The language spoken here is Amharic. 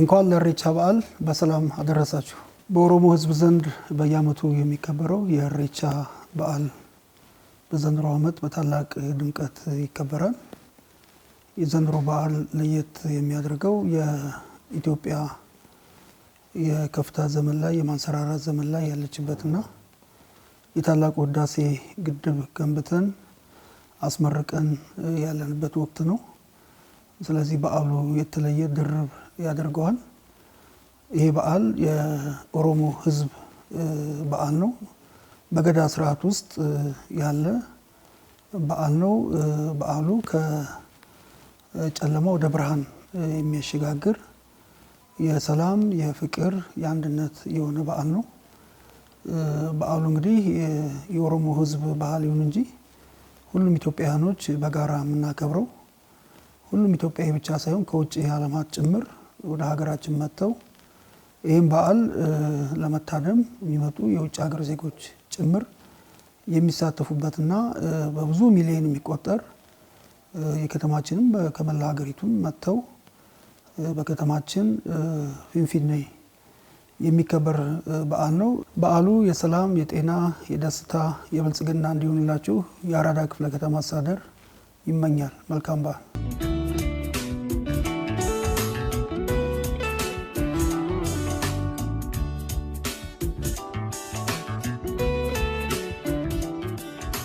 እንኳን ለኢሬቻ በዓል በሰላም አደረሳችሁ። በኦሮሞ ሕዝብ ዘንድ በየዓመቱ የሚከበረው የኢሬቻ በዓል በዘንድሮ ዓመት በታላቅ ድምቀት ይከበራል። የዘንድሮ በዓል ለየት የሚያደርገው የኢትዮጵያ የከፍታ ዘመን ላይ የማንሰራራት ዘመን ላይ ያለችበትና የታላቁ ህዳሴ ግድብ ገንብተን አስመርቀን ያለንበት ወቅት ነው። ስለዚህ በዓሉ የተለየ ድርብ ያደርገዋል። ይህ በዓል የኦሮሞ ህዝብ በዓል ነው። በገዳ ስርዓት ውስጥ ያለ በዓል ነው። በዓሉ ከጨለማ ወደ ብርሃን የሚያሸጋግር የሰላም፣ የፍቅር፣ የአንድነት የሆነ በዓል ነው። በዓሉ እንግዲህ የኦሮሞ ህዝብ ባህል ይሁን እንጂ ሁሉም ኢትዮጵያውያኖች በጋራ የምናከብረው ሁሉም ኢትዮጵያዊ ብቻ ሳይሆን ከውጭ የዓለማት ጭምር ወደ ሀገራችን መጥተው ይህም በዓል ለመታደም የሚመጡ የውጭ ሀገር ዜጎች ጭምር የሚሳተፉበትና በብዙ ሚሊዮን የሚቆጠር የከተማችንም ከመላ ሀገሪቱም መጥተው በከተማችን ፊንፊኔ የሚከበር በዓል ነው። በዓሉ የሰላም፣ የጤና፣ የደስታ፣ የብልጽግና እንዲሆንላችሁ የአራዳ ክፍለ ከተማ አስተዳደር ይመኛል። መልካም በዓል።